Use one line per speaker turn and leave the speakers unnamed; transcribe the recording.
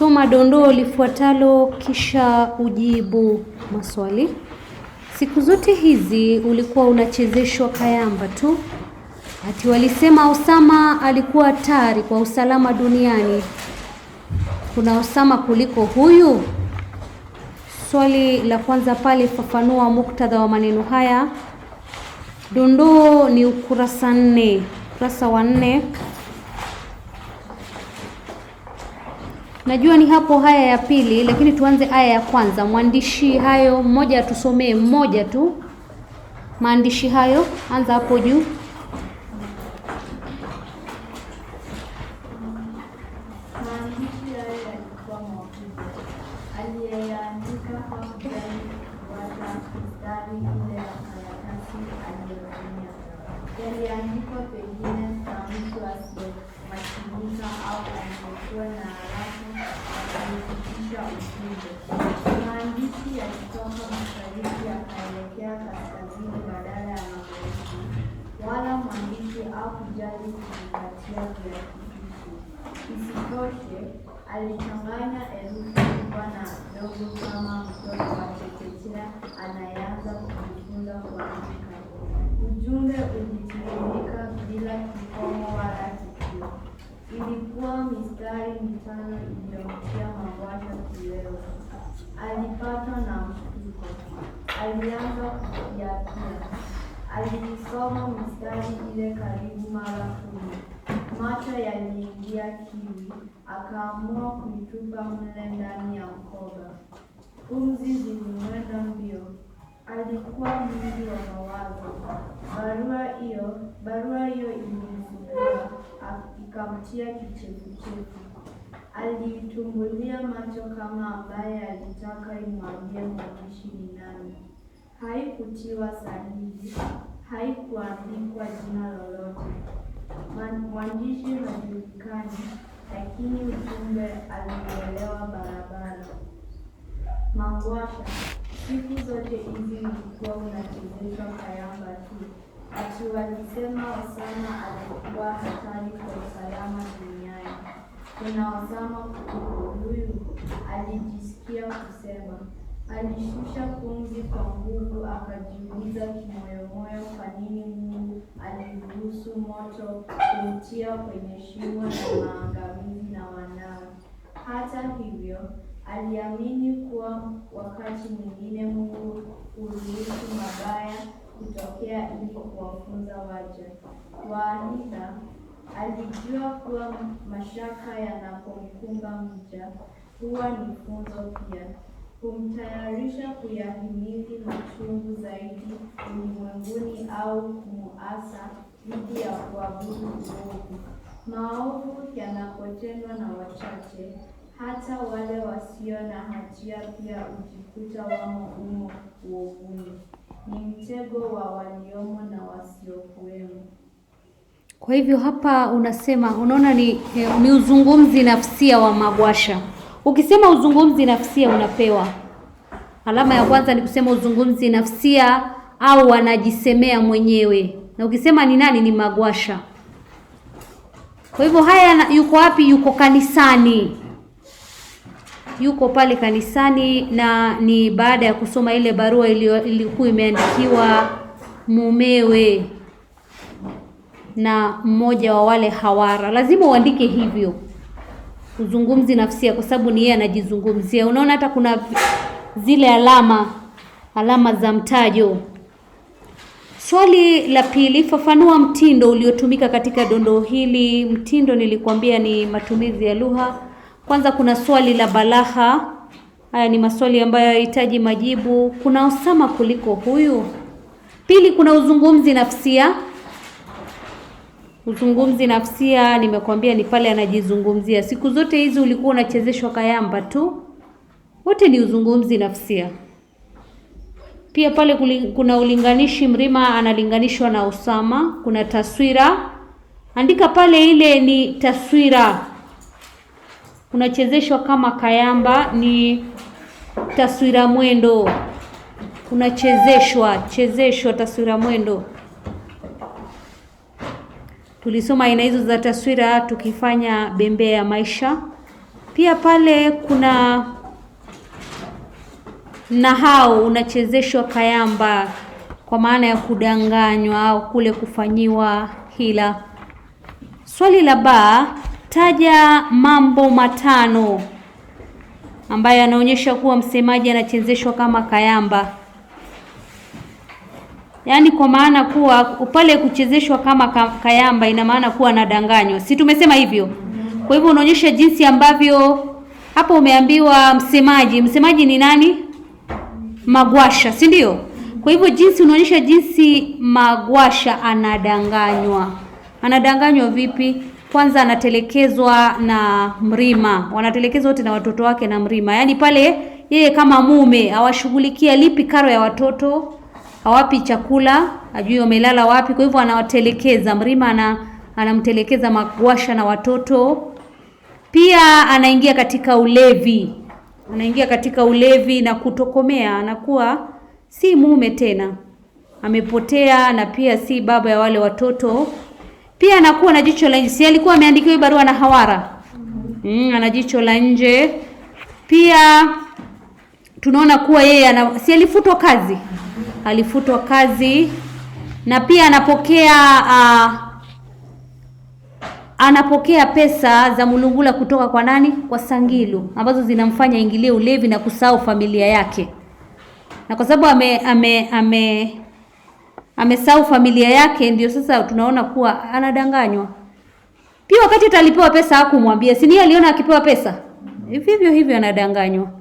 Soma dondoo lifuatalo kisha ujibu maswali. Siku zote hizi ulikuwa unachezeshwa kayamba tu. Ati walisema Osama alikuwa hatari kwa usalama duniani. Kuna Osama kuliko huyu? Swali la kwanza pale, fafanua muktadha wa maneno haya. Dondoo ni ukurasa nne, ukurasa wa nne. Najua ni hapo haya ya pili, lakini tuanze aya ya kwanza. Mwandishi hayo mmoja, tusomee mmoja tu maandishi hayo. Anza hapo juu.
Yaliandikwa pengine na mtu mazungumzo au alipokuwa na haraka alifikisha ujumbe. Maandishi yakitoka mashariki yakaelekea kaskazini badala ya magharibi, wala mwandishi hakujali kuzingatia kiasi hicho. Isitoshe, alichanganya herufi kubwa na ndogo kama mtoto wa chekechea anayeanza kujifunza kuandika. Ujumbe ulitiririka bila kikomo wala mtani iliyomtia mawazo kiwewe. Alipatwa na mshtuko, alianza kujiapia, aliisoma mistari ile karibu mara kumi, macho yaliingia kiwi, akaamua kuitupa mle ndani ya mkoba. Pumzi zilimwenda mbio, alikuwa mwingi wa mawazo. Barua hiyo barua hiyo ilimzunguka, ikamtia kichefuchefu. Aliitumbulia macho kama ambaye alitaka imwambie mwandishi ni nani. Haikutiwa sahihi, haikuandikwa jina lolote, mwandishi hajulikani, lakini ujumbe alielewa barabara. Mangwasha, siku zote hizi ulikuwa unachezeshwa kayamba tu. Ati walisema Osama alikuwa hatari kwa usalama duniani kuna wazama Huyu alijisikia kusema. Alishusha pumzi kwa nguvu, akajiuliza kimoyomoyo, kwa nini Mungu aliruhusu moto kumtia kwenye shimo la maangamizi na wanawe. Hata hivyo, aliamini kuwa wakati mwingine Mungu huruhusu mabaya kutokea ili kuwafunza waja. Waaidha Alijua kuwa mashaka yanapomkumba mja huwa ni funzo pia, kumtayarisha kuyahimili machungu zaidi ulimwenguni au kumuasa dhidi ya kuabudu uovu. Maovu yanapotendwa na wachache, hata wale wasio na hatia pia hujikuta wamo umo uovuni. Ni mtego wa waliomo na wasiokuwemo.
Kwa hivyo hapa unasema unaona ni, eh, ni uzungumzi nafsia wa Magwasha. Ukisema uzungumzi nafsia unapewa alama ya kwanza, ni kusema uzungumzi nafsia au anajisemea mwenyewe, na ukisema ni nani, ni Magwasha. Kwa hivyo haya, yuko wapi? Yuko kanisani, yuko pale kanisani, na ni baada ya kusoma ile barua iliyokuwa imeandikiwa mumewe na mmoja wa wale hawara. Lazima uandike hivyo, uzungumzi nafsia, kwa sababu ni yeye anajizungumzia. Unaona, hata kuna zile alama alama za mtajo. Swali la pili, fafanua mtindo uliotumika katika dondoo hili. Mtindo nilikwambia ni matumizi ya lugha. Kwanza kuna swali la balagha. Haya ni maswali ambayo hayahitaji majibu. Kuna Osama kuliko huyu. Pili, kuna uzungumzi nafsia Uzungumzi nafsia, nimekuambia ni pale anajizungumzia. Siku zote hizi ulikuwa unachezeshwa kayamba tu, wote ni uzungumzi nafsia. Pia pale kuna ulinganishi, Mrima analinganishwa na Usama. Kuna taswira, andika pale, ile ni taswira. Unachezeshwa kama kayamba, ni taswira mwendo. Unachezeshwa chezeshwa taswira mwendo. Tulisoma aina hizo za taswira tukifanya bembea ya maisha. Pia pale kuna nahau, unachezeshwa kayamba kwa maana ya kudanganywa au kule kufanyiwa hila. Swali la ba, taja mambo matano ambayo yanaonyesha kuwa msemaji anachezeshwa kama kayamba. Yaani kwa maana kuwa pale kuchezeshwa kama kayamba ina maana kuwa anadanganywa, si tumesema hivyo? Kwa hivyo unaonyesha jinsi ambavyo hapo umeambiwa msemaji. Msemaji ni nani? Magwasha, si ndio? Kwa hivyo jinsi unaonyesha jinsi Magwasha anadanganywa. Anadanganywa vipi? Kwanza anatelekezwa na Mrima, wanatelekezwa wote na watoto wake na Mrima. Yaani pale yeye kama mume awashughulikia lipi karo ya watoto hawapi chakula, ajui wamelala wapi. Kwa hivyo anawatelekeza Mrima ana, anamtelekeza Magwasha na watoto. Pia anaingia katika ulevi, anaingia katika ulevi na kutokomea, anakuwa si mume tena, amepotea na pia si baba ya wale watoto. Pia anakuwa na jicho la nje, si alikuwa ameandikiwa barua na Hawara? Mm, ana jicho la nje pia tunaona kuwa yeye ana si alifutwa kazi alifutwa kazi na pia anapokea uh, anapokea pesa za Mulungula kutoka kwa nani? Kwa Sangilu ambazo zinamfanya ingilie ulevi na kusahau familia yake, na kwa sababu ame, ame, ame amesahau familia yake, ndio sasa tunaona kuwa anadanganywa pia. Wakati atalipewa pesa hakumwambia, si ni aliona akipewa pesa hivyo hivyo anadanganywa.